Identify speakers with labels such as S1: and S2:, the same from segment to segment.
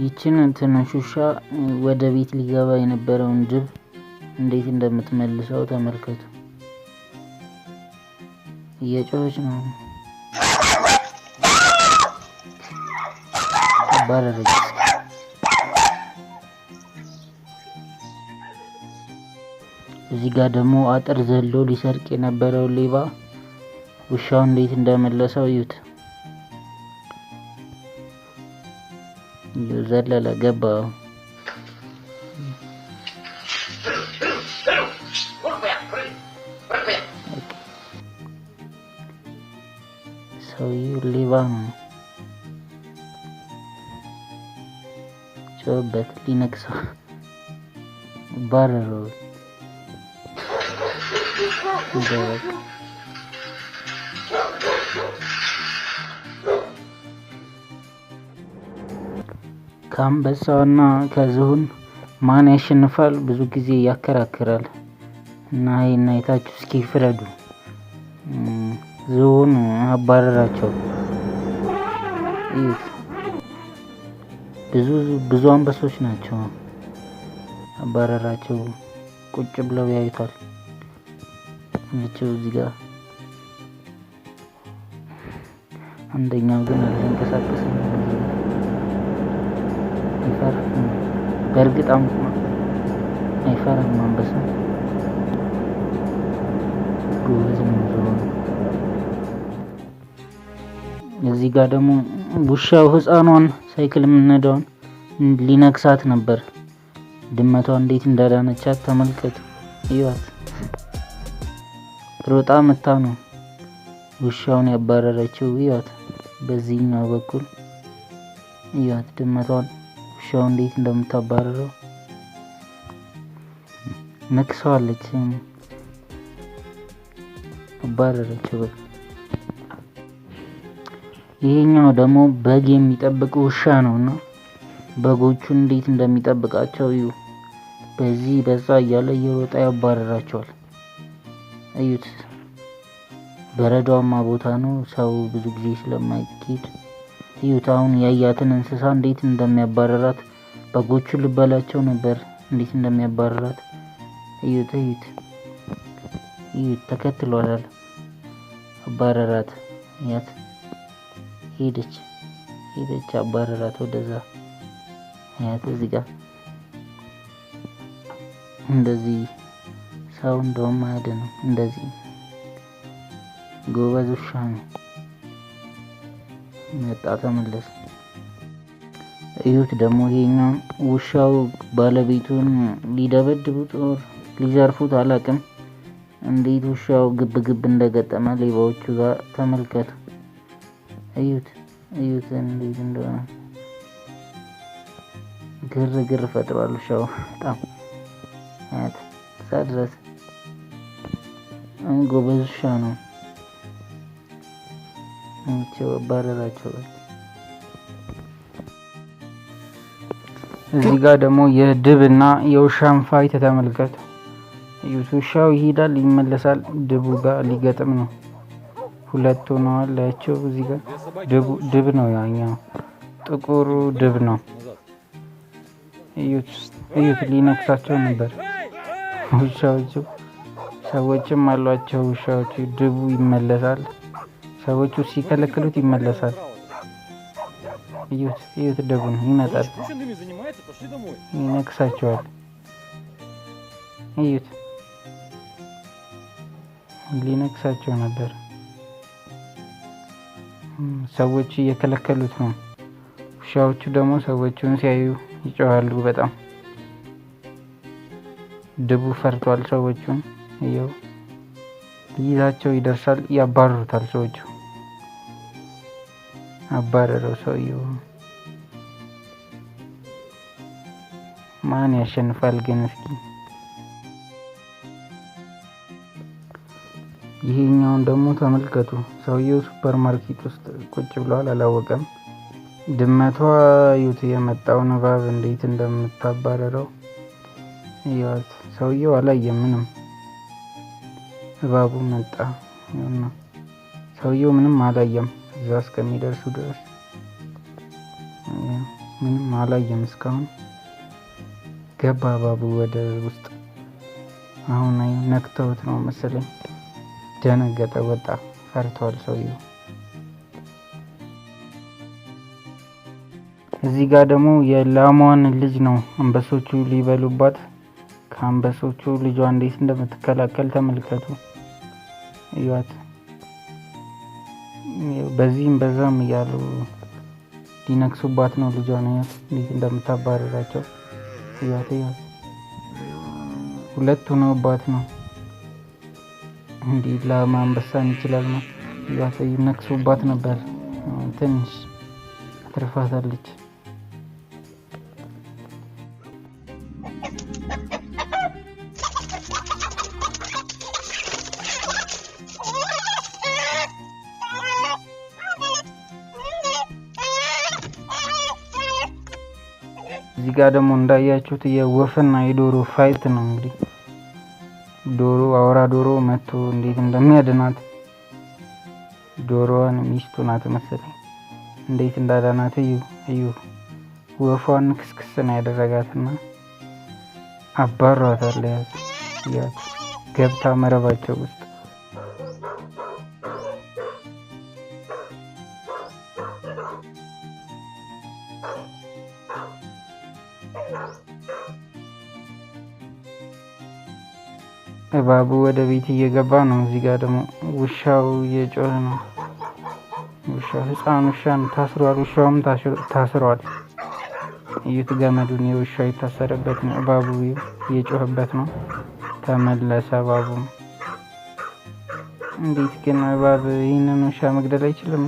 S1: ይችን ትንሽ ውሻ ወደ ቤት ሊገባ የነበረውን ጅብ እንዴት እንደምትመልሰው ተመልከቱ። እየጮች ነው። ባረረች። እዚህ ጋር ደግሞ አጥር ዘሎ ሊሰርቅ የነበረውን ሌባ ውሻው እንዴት እንደመለሰው እዩት። ዘለለ ገባ ሰውዬው ሌባ ነው። ጮህበት ሊነቅሰው ባረረው። ከአንበሳና ከዝሆን ማን ያሸንፋል ብዙ ጊዜ ያከራክራል። እና ይሄን የታችሁ እስኪ ፍረዱ። ዝሆን አባረራቸው። ብዙ ብዙ አንበሶች ናቸው። አባረራቸው። ቁጭ ብለው ያዩታል። ናቸው እዚህ ጋር አንደኛው ግን አልተንቀሳቀሰም። በእርግጥ አይፈራም አንበሳ ጎበዝ ነው ዞሮ እዚህ ጋር ደግሞ ውሻው ህፃኗን ሳይክል የምንሄደውን ሊነክሳት ነበር። ድመቷ እንዴት እንዳዳነቻት ተመልከቱ፣ እዩት። ሮጣ መታ ነው ውሻውን ያባረረችው። እዩት፣ በዚህኛው በኩል እዩት ድመቷን ውሻው እንዴት እንደምታባረረው ነክሰዋለች። አባረረችው። ይሄኛው ደግሞ በግ የሚጠብቅ ውሻ ነው እና በጎቹን እንዴት እንደሚጠብቃቸው እዩ። በዚህ በዛ እያለ እየሮጣ ያባረራቸዋል። እዩት። በረዷማ ቦታ ነው ሰው ብዙ ጊዜ ስለማይኬድ እዩት አሁን ያያትን እንስሳ እንዴት እንደሚያባረራት። በጎቹ ልበላቸው ነበር እንዴት እንደሚያባረራት እዩት፣ እዩት፣ እዩት። ተከትሏታል፣ አባረራት። ያት ሄደች፣ ሄደች፣ አባረራት ወደዛ። ያት እዚህ ጋር እንደዚህ ሰው እንደውም አያድንም። እንደዚህ ጎበዝ ውሻ ነው። መጣተመለስ እዩት ደግሞ ይሄኛው ውሻው ባለቤቱን ሊደበድቡት ጦር ሊዘርፉት አላቅም። እንዴት ውሻው ግብ ግብ እንደገጠመ ሌባዎቹ ጋር ተመልከቱ። እዩት እዩት እንዴት እንደሆነ ግር ግር ፈጥሯል ውሻው በጣም ሳድረስ ጎበዝ ውሻ ነው። ባረራቸው። እዚህ ጋር ደግሞ የድብ እና የውሻን ፋይት ተመልከቱ። ውሻው ይሄዳል ይመለሳል። ድቡ ጋር ሊገጥም ነው። ሁለት ሆነዋል። ላያቸው እዚህ ጋር ድብ ነው፣ ያኛው ጥቁሩ ድብ ነው። እዩት፣ ሊነክሳቸው ነበር። ውሻዎቹ ሰዎችም አሏቸው። ውሻዎቹ ድቡ ይመለሳል። ሰዎቹ ሲከለክሉት ይመለሳል። እዩት ደጉን፣ ይመጣል፣ ይነክሳቸዋል። እዩት ሊነክሳቸው ነበር። ሰዎች እየከለከሉት ነው። ውሻዎቹ ደግሞ ሰዎቹን ሲያዩ ይጮሃሉ። በጣም ድቡ ፈርቷል። ሰዎቹን እየው ይደርሳል። ያባሩታል ሰዎቹ አባረረው ሰውየው። ማን ያሸንፋል ግን እስኪ? ይሄኛውን ደግሞ ተመልከቱ። ሰውየው ሱፐር ማርኬት ውስጥ ቁጭ ብለዋል፣ አላወቀም። ድመቷ ዩት የመጣውን እባብ እንዴት እንደምታባረረው እያዋት። ሰውየው አላየም ምንም። እባቡ መጣ። ሰውየው ምንም አላየም። እዛ እስከሚደርሱ ድረስ ምንም አላየም እስካሁን። ገባ ባቡ ወደ ውስጥ። አሁን ነክተውት ነው መሰለኝ። ደነገጠ፣ ወጣ። ፈርቷል ሰውየው። እዚህ ጋር ደግሞ የላሟን ልጅ ነው አንበሶቹ ሊበሉባት። ከአንበሶቹ ልጇ እንዴት እንደምትከላከል ተመልከቱ፣ እዩት በዚህም በዛም እያሉ ሊነክሱባት ነው ልጇን። ያት እንደምታባረራቸው ያት ሁለት ሆነውባት ነው እንዲህ ለማንበሳን ይችላል ነው ያት ይነክሱባት ነበር። ትንሽ ትርፋታለች። እዚህ ጋር ደግሞ እንዳያችሁት የወፍና የዶሮ ፋይት ነው። እንግዲህ ዶሮ አውራ ዶሮ መቶ እንዴት እንደሚያድናት ዶሮዋን ሚስቱ ናት መሰለኝ እንዴት እንዳዳናት እዩ እዩ። ወፏን ክስክስ ነው ያደረጋትና አባሯታል። ያዝ ገብታ መረባቸው ውስጥ እባቡ ወደ ቤት እየገባ ነው። እዚህ ጋር ደግሞ ውሻው እየጮህ ነው። ውሻ ህፃን ውሻ ነው፣ ታስሯል። ውሻውም ታስሯል። እዩት ገመዱን፣ የውሻው የታሰረበት ነው። እባቡ እየጮህበት ነው። ተመለሰ እባቡ። እንዴት ግን እባብ ይህንን ውሻ መግደል አይችልም?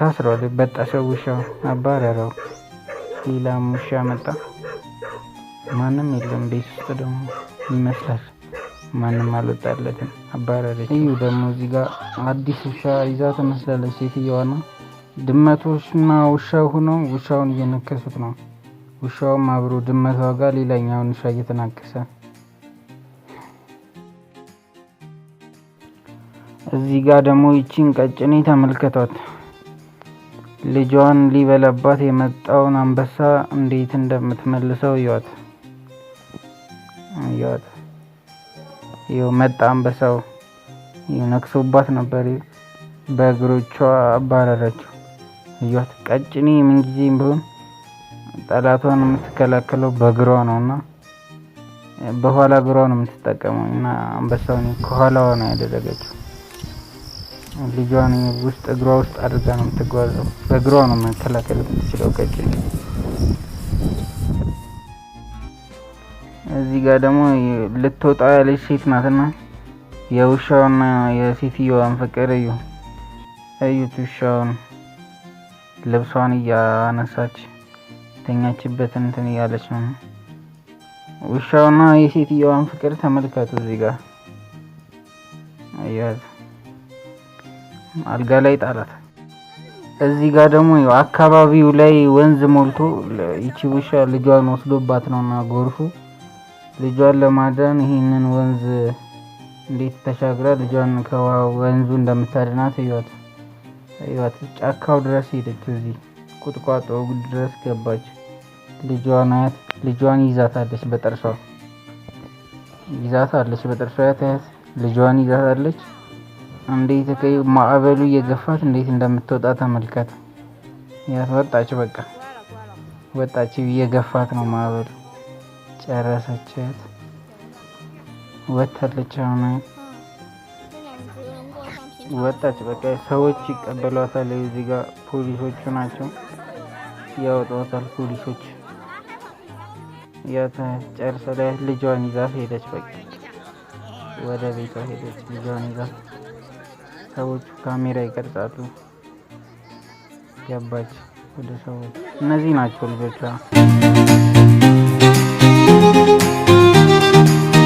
S1: ታስሯል። በጣሰው ውሻው፣ አባረረው። ሌላም ውሻ መጣ። ማንም የለም ቤት ውስጥ ደግሞ ይመስላል። ማንም አልወጣለትም፣ አባረረች። እዩ ደግሞ እዚህ ጋር አዲስ ውሻ ይዛ ትመስላለች ሴትየዋና ድመቶችና ውሻ ሆነው ውሻውን እየነከሱት ነው። ውሻውም አብሮ ድመቷ ጋር ሌላኛውን ውሻ እየተናከሰ እዚህ ጋር ደግሞ ይቺን ቀጭኔ ተመልከቷት። ልጇን ሊበላባት የመጣውን አንበሳ እንዴት እንደምትመልሰው እዩዋት። ይኸው መጣ አንበሳው ነክሶባት ነበር። በእግሮቿ አባረረችው። እያት ቀጭኔ ምንጊዜም ቢሆን ጠላቷን የምትከላከለው በእግሯ ነው እና በኋላ እግሯ ነው የምትጠቀመው እና አንበሳውን ከኋላዋ ነው ያደረገችው። ልጇን ውስጥ እግሯ ውስጥ አድርጋ ነው የምትጓዘው። በእግሯ ነው መከላከል የምትችለው ቀጭኔ እዚህ ጋር ደግሞ ልትወጣ ያለች ሴት ናትና የውሻውና የሴትየዋን ፍቅር እዩ እዩት። ውሻውን ልብሷን እያነሳች የተኛችበትን እንትን እያለች ነው። ውሻውና የሴትየዋን ፍቅር ተመልከቱ። እዚህ ጋር እያት አልጋ ላይ ጣላት። እዚህ ጋር ደግሞ አካባቢው ላይ ወንዝ ሞልቶ ይቺ ውሻ ልጇን ወስዶባት ነውና ጎርፉ ልጇን ለማዳን ይህንን ወንዝ እንዴት ተሻግራ ልጇን ከወንዙ እንደምታድናት እዩዋት እዩዋት። ጫካው ድረስ ሄደች፣ እዚህ ቁጥቋጦ ድረስ ገባች። ልጇን አያት፣ ልጇን ይዛታለች በጥርሷ ይዛታለች፣ በጥርሷ ያታያት፣ ልጇን ይዛታለች። እንዴት ማዕበሉ እየገፋት እንዴት እንደምትወጣ ተመልከት። ያት ወጣች፣ በቃ ወጣች፣ እየገፋት ነው ማዕበሉ ጨረሰችት። ወታለች። አሁን ወጣች። በቃ ሰዎች ይቀበሏታል። እዚህ ጋር ፖሊሶቹ ናቸው ያወጧታል። ፖሊሶች ያ ጨርሰ ላይ ልጇን ይዛ ሄደች። በቃ ወደ ቤቷ ሄደች ልጇን ይዛ። ሰዎቹ ካሜራ ይቀርጻሉ። ገባች ወደ ሰዎች። እነዚህ ናቸው ልጆቿ።